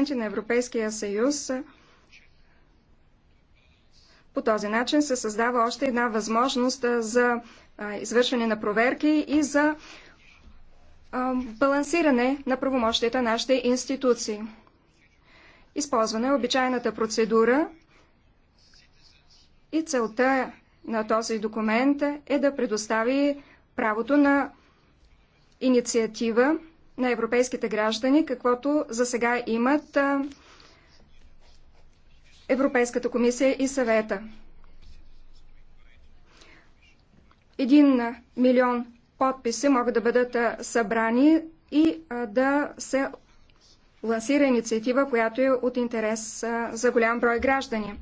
инструменти на Европейския съюз. По този начин се създава още една възможност за извършване на проверки и за балансиране на правомощията на нашите институции. Използвана е обичайната процедура и целта на този документ е да предостави правото на инициатива на европейските граждани, каквото за сега имат Европейската комисия и съвета. Един милион подписи могат да бъдат събрани и да се лансира инициатива, която е от интерес за голям брой граждани.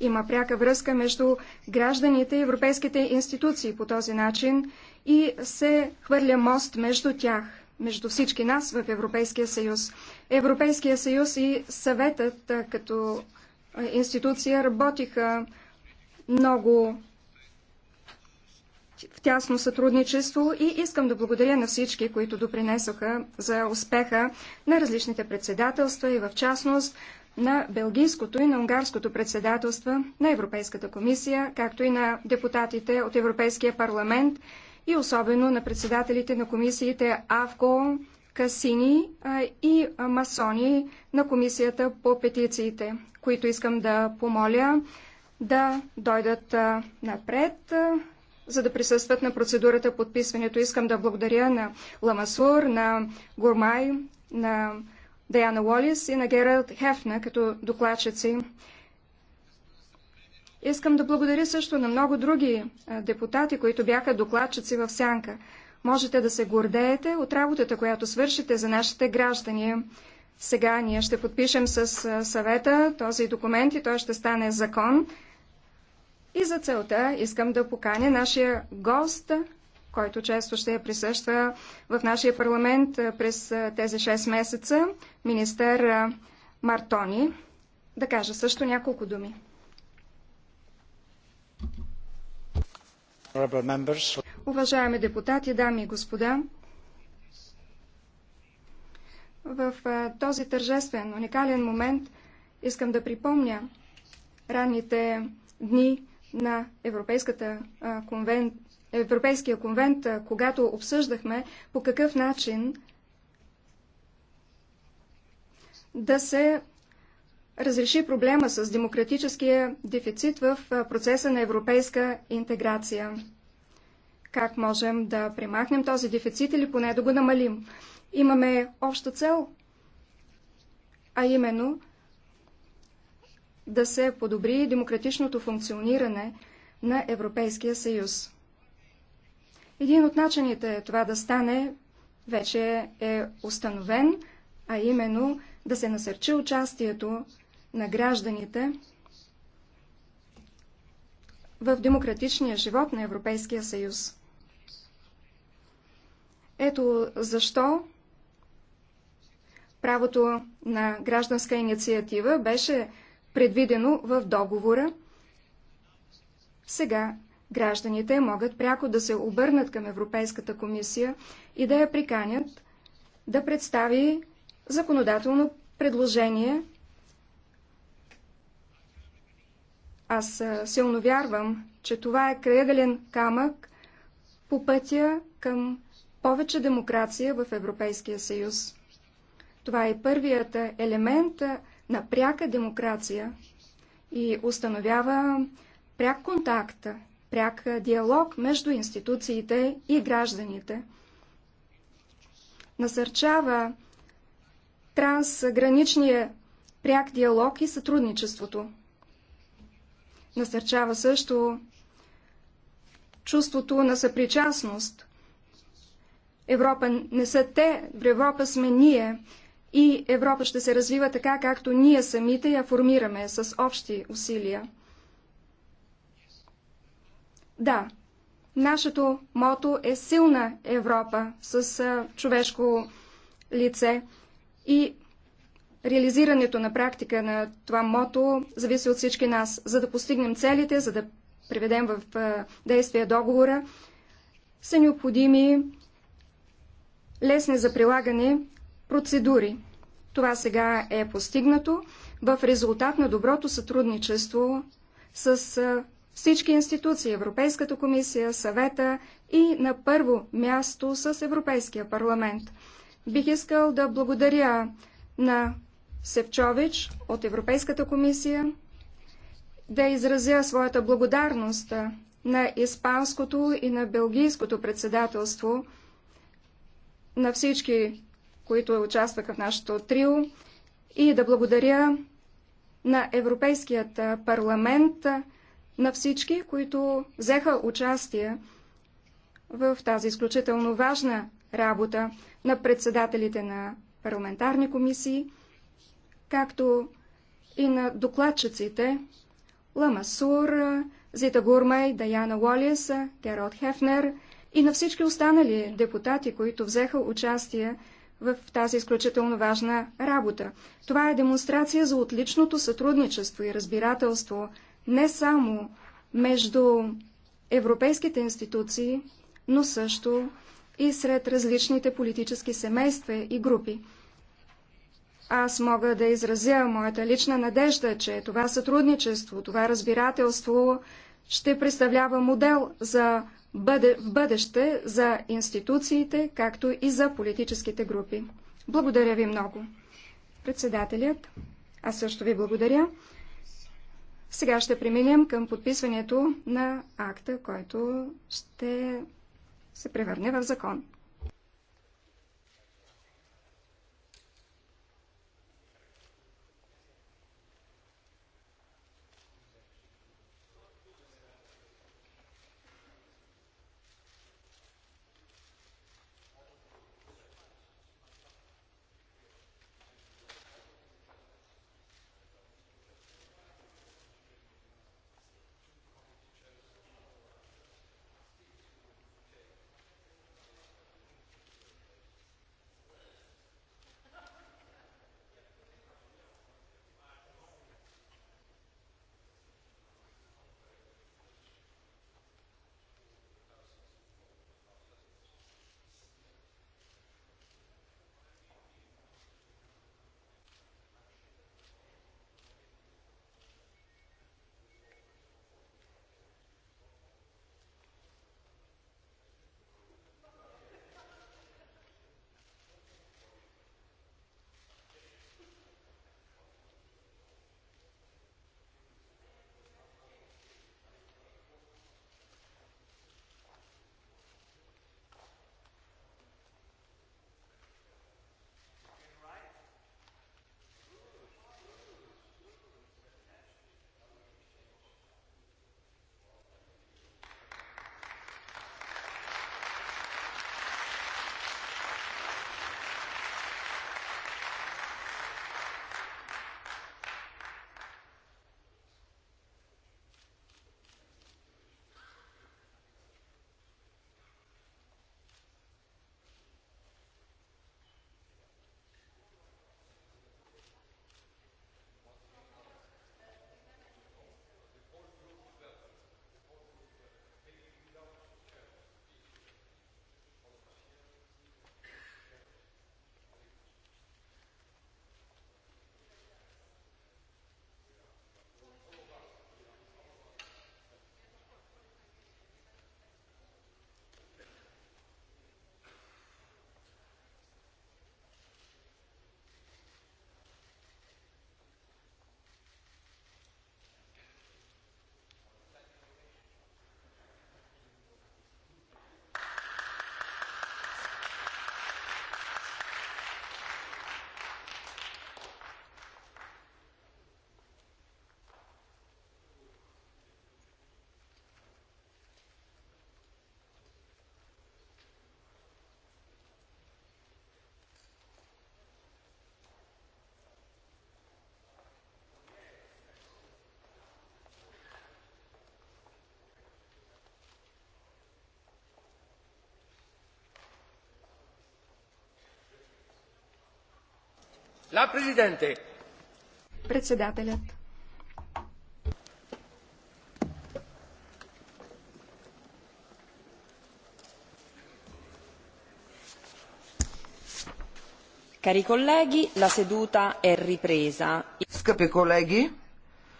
Има пряка връзка между гражданите и европейските институции по този начин и се хвърля мост между тях, между всички нас в Европейския съюз. Европейския съюз и съветът като институция работиха много в тясно сътрудничество и искам да благодаря на всички, които допринесоха за успеха на различните председателства и в частност на Белгийското и на Унгарското председателства на Европейската комисия, както и на депутатите от Европейския парламент и особено на председателите на комисиите АВКО, Касини и Масони на комисията по петициите, които искам да помоля да дойдат напред за да присъстват на процедурата подписването. Искам да благодаря на Ламасур, на Гурмай, на Даяна Уолис и на Гералд Хефна като докладчици. Искам да благодаря също на много други депутати, които бяха докладчици в Сянка. Можете да се гордеете от работата, която свършите за нашите граждани. Сега ние ще подпишем с съвета този документ и той ще стане закон. И за целта искам да поканя нашия гост, който често ще присъства в нашия парламент през тези 6 месеца, министър Мартони, да каже също няколко думи. Уважаеми депутати, дами и господа, в този тържествен, уникален момент искам да припомня ранните дни на Европейската конвен... Европейския конвент, когато обсъждахме по какъв начин да се разреши проблема с демократическия дефицит в процеса на европейска интеграция. Как можем да премахнем този дефицит или поне да го намалим? Имаме обща цел, а именно – да се подобри демократичното функциониране на Европейския съюз. Един от начините това да стане вече е установен, а именно да се насърчи участието на гражданите в демократичния живот на Европейския съюз. Ето защо правото на гражданска инициатива беше предвидено в договора. Сега гражданите могат пряко да се обърнат към Европейската комисия и да я приканят да представи законодателно предложение. Аз силно вярвам, че това е кръгален камък по пътя към повече демокрация в Европейския съюз. Това е първият елемент на пряка демокрация и установява пряк контакт, пряк диалог между институциите и гражданите. Насърчава трансграничния пряк диалог и сътрудничеството. Насърчава също чувството на съпричастност. Европа не са те, в Европа сме ние и Европа ще се развива така, както ние самите я формираме с общи усилия. Да, нашето мото е силна Европа с а, човешко лице и реализирането на практика на това мото зависи от всички нас. За да постигнем целите, за да приведем в а, действие договора, са необходими лесни за прилагане процедури. Това сега е постигнато в резултат на доброто сътрудничество с всички институции, Европейската комисия, съвета и на първо място с Европейския парламент. Бих искал да благодаря на Севчович от Европейската комисия, да изразя своята благодарност на Испанското и на Белгийското председателство, на всички които участваха в нашето трио и да благодаря на Европейският парламент, на всички, които взеха участие в тази изключително важна работа на председателите на парламентарни комисии, както и на докладчиците Ламасур, Зита Гурмай, Даяна Уолис, Герод Хефнер и на всички останали депутати, които взеха участие в тази изключително важна работа. Това е демонстрация за отличното сътрудничество и разбирателство не само между европейските институции, но също и сред различните политически семейства и групи. Аз мога да изразя моята лична надежда, че това сътрудничество, това разбирателство ще представлява модел за бъде, в бъдеще за институциите, както и за политическите групи. Благодаря ви много. Председателят, аз също ви благодаря. Сега ще преминем към подписването на акта, който ще се превърне в закон. La Presidente. Председателят. Cari colleghi, la seduta è ripresa. Скъпи колеги,